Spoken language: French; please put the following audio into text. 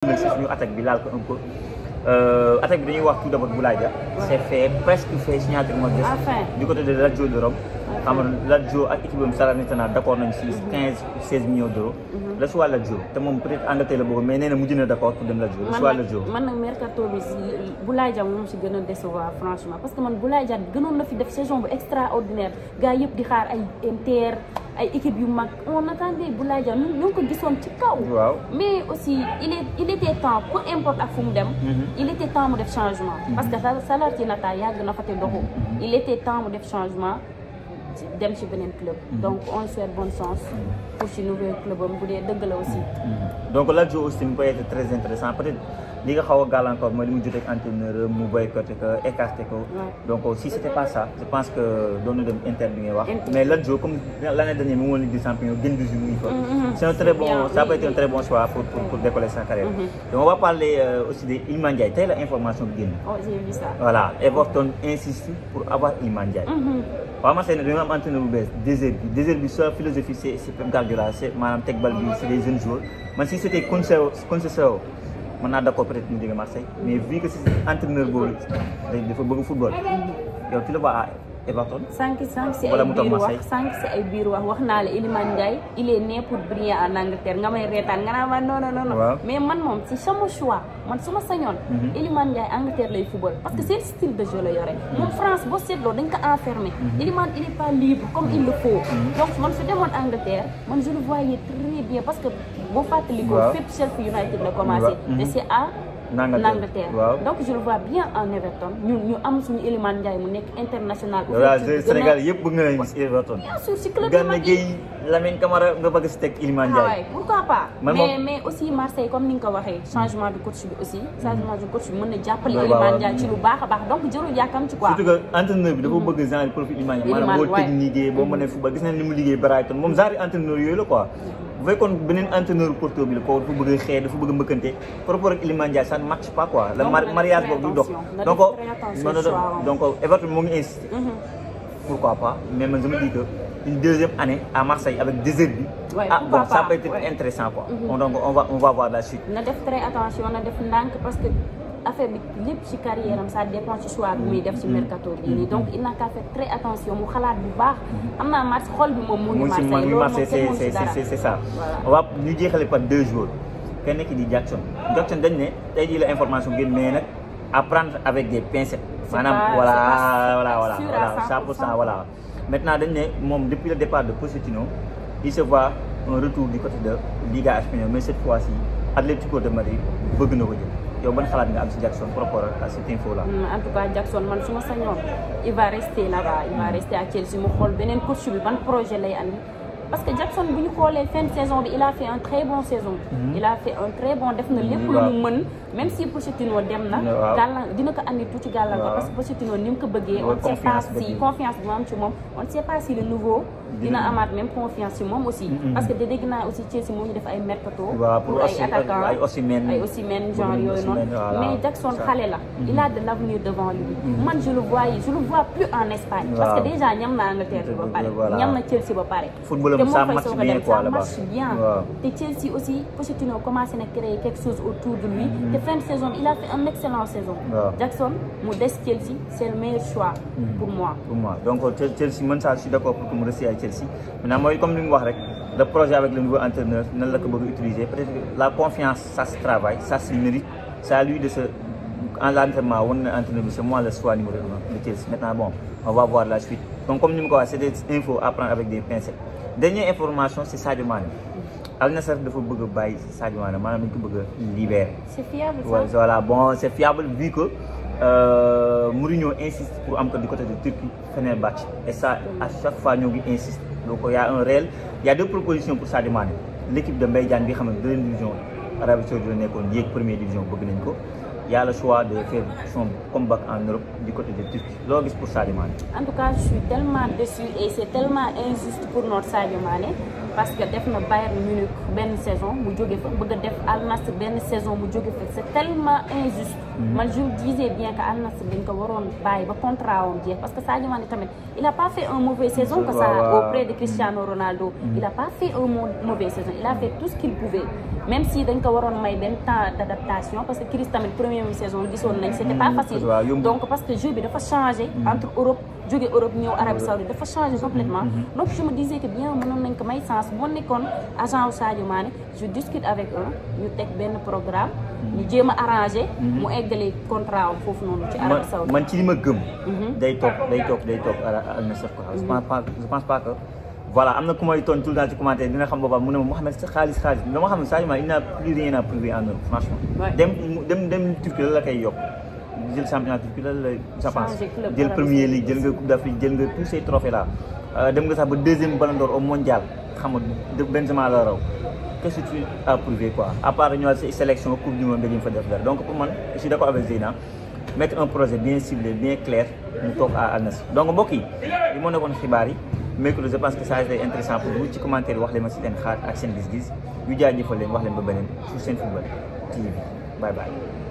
si suñu attaque bi laal ko un peu euh, attaque bi dañuy wax tout d'abord Boulaye Dia c'est fait presque fait signature moo des du côté de Lazio de la soit mhm. mhm. te moom peut-être la bëgg mais nee na mujj na d'accord pour dem Lazio la soit Lazio nag mercato bi si Boulaye Dia moom si gën a franchement parce que man Boulaye Dia gënoon na fi def saison bu extraordinaire gars yëpp di xaar ay MTR ay équipe yu mag on attendait Boulaye nous ñu ngi ko gisoon ci mais aussi il est il était temps peu importe à fu mu dem. il était temps de def changement. parce que ça, Salvatierna la yàgg na de te doxul. il était temps de changement dem ci benen club. Mhm. donc on souhaite bonne sens mhm. pour ce nouveau club am bu dee aussi. Mhm. donc Lazio aussi mu peut être très intéressant peut être li nga xaw a encore mooy li mu jotee entraîneur mu boycotté ko écarté ko. donc si c'était pas ça je pense que donne na dem Inter bi ngay wax. mais comme l'année dernière mu ngi woon Ligue des Champions gën un très bon ça peut être un très bon choix pour pour pour décoller sa carrière. donc on va parler euh, aussi de Iliman Ndiaye tey la information bi génn. oh j'ai ai vu ça. voilà Everton insiste pour avoir Iliman Ndiaye. waaw Marseille nag dañoo am entraîneur bu bees désert bi désert philosophie c'est c'est Pep Guardiola teg bal bi c'est des jeunes si c'était Conceição Conceição mën naa d'accord peut-être mu jóge Marseille mais vu que c'est entraîneur boobu dafa football yow tu le vois Everton. sànq sànq ay biir wax wax naa la Iliman Ndiaye il est né pour en Angleterre nga may reetaan nga naan non non non. mais man moom si sama choix man su ma sañoon. Mhm. Iliman Ndiaye Angleterre lay football parce que mhm. seen style de jeu la yore. Mhm. moom France boo seetloo dañ ko enfermé. Iliman il est pas libre comme il le faut. donc man su demoon Angleterre man je le voyais très bien parce que. boo fàttalikoo. waaw fépp Sheffield United la commencé. te c'est à. Angleterre waaw donc je le vois bien en Everton ñun ñu am suñu Iliman Ndiaye mu nekk international. au Sénégal yëpp bëgg nga leen gis Everton. bien sûr si club Gana Gueye Lamine Camara nga bëgg si teg Iliman Ndiaye. Ah pourquoi pas. mais mais aussi Marseille comme ni nga ko changement de coach aussi. Mm. changement de coach bi mën na jàppale. Iliman Ndiaye ci lu baax a baax donc jëru yàkkam ci quoi. surtout que entraîneur bi dafa mm-hmm. bëgg genre profil Iliman Ndiaye. Iliman waay maanaam boo technique boo mm-hmm. mën a football gis nañ ni mu liggéey Brighton moom genre entraîneur yooyu la quoi. Mm-hmm. bu fekkoon beneen entraîneur Porto bi la ko dafa a xeex dafa bëgg a mbëkkante par rapport ak Iliman match pas quoi. la mariage boobu du dox donc donc Everton moo ngi mhm. pourquoi pas mais man je me dis deuxième année à Marseille avec désert bi. Ouais, ah bon ça peut intéressant quoi. Mhm. on va voir la suite. na def très attention na def ndànk parce que. affaire bi ci carrière ça dépend ci choix bi muy def ci mercato bi ni mm-hmm. donc il n'a qu'à faire très attention mu xalaat bu baax mm-hmm. amna match xol bi mom mu ngi marché c'est c'est ça va ñu jéxalé par deux jours kenn ki di Jackson Jackson dañ né tay di la information gën mais nak apprendre avec des pincettes manam voilà voilà voilà voilà Ça pour ça, voilà maintenant dañ né mom depuis le départ de Pochettino il se voit un retour du côté de Liga espagnole mais cette fois-ci Atletico de Madrid bëgg na ko jël yow ban xalaat nga am si Jackson par rapport à cette info là. Hmm, en tout cas Jackson man su ma sañoon il va rester là-bas il va hmm. rester à Chelsea mu xool beneen coach bi ban projet lay andi. parce que Jackson bu ñu xoolee fin de saison bi il a fait un très bon saison. Mhm. il a fait un très bon def na lépp lu mu mën. même si Pochettino dem na. waaw gàllan dina ko andi tuuti gàllankoor. parce que Pochettino ni mu ko bëggee. on ne sait pas si confiance bu am on ne sait pas si le nouveau. dina amaat même confiance ci moom aussi. Mhm. parce que dégg naa aussi Chelsea moo ñu def ay mercato. pour ay attaquant ay Osimhen ay genre yooyu noonu. mais Jackson xale la. Mhm. il a de l'avenir devant lui. man je le vois je le vois plus en Espagne. parce que déjà ñam na Angleterre ba pare. ñam na Chelsea ba pare ça marche bien quoi là-bas ça marche bien. Et Chelsea aussi Pochettino commencé à créer quelque chose autour de lui. fin mm-hmm. de saison il a fait une excellente saison. Jackson modeste Chelsea c'est le meilleur choix. Mm-hmm. pour moi pour moi donc Chelsea moi, ça je suis d'accord pour que me reste à Chelsea maintenant moi, comme nous le projet avec le nouveau entraîneur, utiliser. la confiance, ça se travaille, ça se mérite. C'est à lui de se. En l'entraînement, on entraîneur, c'est moi le soir numéro 1 de Chelsea. Maintenant, bon, on va voir la suite. Donc, comme nous c'est des infos à prendre avec des pincettes dernière information c'est Sadio Mané Al Nassr dafa bëgg a Sadio Mané manam ñu ko bëgg libérer. c'est fiable ça voilà bon c'est fiable vu que euh, Mourinho insiste pour am du côté de Turquie Fenerbahçe et ça à chaque fois il insiste donc il y a un réel il y a deux propositions pour Sadio l'équipe de Mbaye Diagne bi xam na deuxième division Arabie Saoudite la nekkoon première division bëgg nañ ko y a le choix de faire son combat en Europe du côté de Turquie L'orgue pour Sadio en tout cas je suis tellement déçue et c'est tellement injuste pour notre Sadio parce que def na Bayern Munich bonne saison mu fa bëgg def Al Nassr saison mu fa c'est tellement injuste. Mm-hmm. man je disais bien que Al Nassr dañ ko waroon bay ba contrat parce que Sadio Mané tamit il a pas fait un mauvais saison. que ça auprès de Cristiano Ronaldo. Mm-hmm. il a pas fait un mauvais saison il a fait tout ce qu'il pouvait. même si dañ ko eu may ben temps d'adaptation parce que Chris tamit première saison gisoon nañ c'était pas mm-hmm. facile. donc parce que jeu bi dafa changer entre Europe jóge Europe ñëw Arabie Saoudite dafa changé complètement mm-hmm. Mm-hmm. donc je me disais que bien mënoon nañ ko may sens boo nekkoon agent wu Sadio Mané je discute avec eux ñu tek ben programme ñu jéem arranger arrangé mm-hmm. mu eggale contrat contrats foofu noonu ci Arabie Saoudite man ci li gëm day top, day top, day top. Al Nassr ko je pense pas que voilà amna na ku may tout dans ci commentaire dina xam bobu mu ne ma Mohamed, sa xaalis xaalis dama xam ne Sadio Mané il n'a plus rien à prouver en Europe franchement dem dem dem tu la la koy yokk jël championnat de la je pense jël premier ligue jël nga coupe d'Afrique jël nga tous ces trophées là euh, dem nga sax ba deuxième ballon d'or au mondial xam nga Benzema la raw qu'est-ce que tu as prouvé quoi à part ñu si sélection coupe du monde ñu fa def donc pour moi, je suis d'accord avec Zeyna mettre un projet bien ciblé bien clair mu toog à Al donc mbokk yi li moo nekkoon xibar yi mercredi je pense que ça a été intéressant pour vous ci commentaire wax le ma si vous xaar ak seen gis-gis yu jaajëfal leen wax leen ba benen sur seen football TV bye bye